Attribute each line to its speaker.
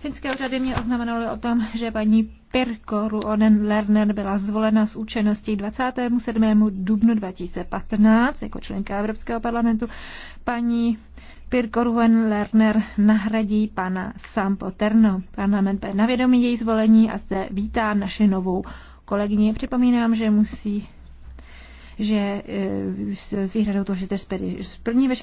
Speaker 1: Finské úřady mě oznamenaly o tom, že paní Pirko Ruonen Lerner byla zvolena s účinností 27. dubnu 2015 jako členka Evropského parlamentu. Paní Pirko Ruonen Lerner nahradí pana Sampo Terno. Parlament na vědomí její zvolení a zde vítá naši novou kolegyni. Připomínám, že musí že eh, s výhradou toho, že to
Speaker 2: splní veškeré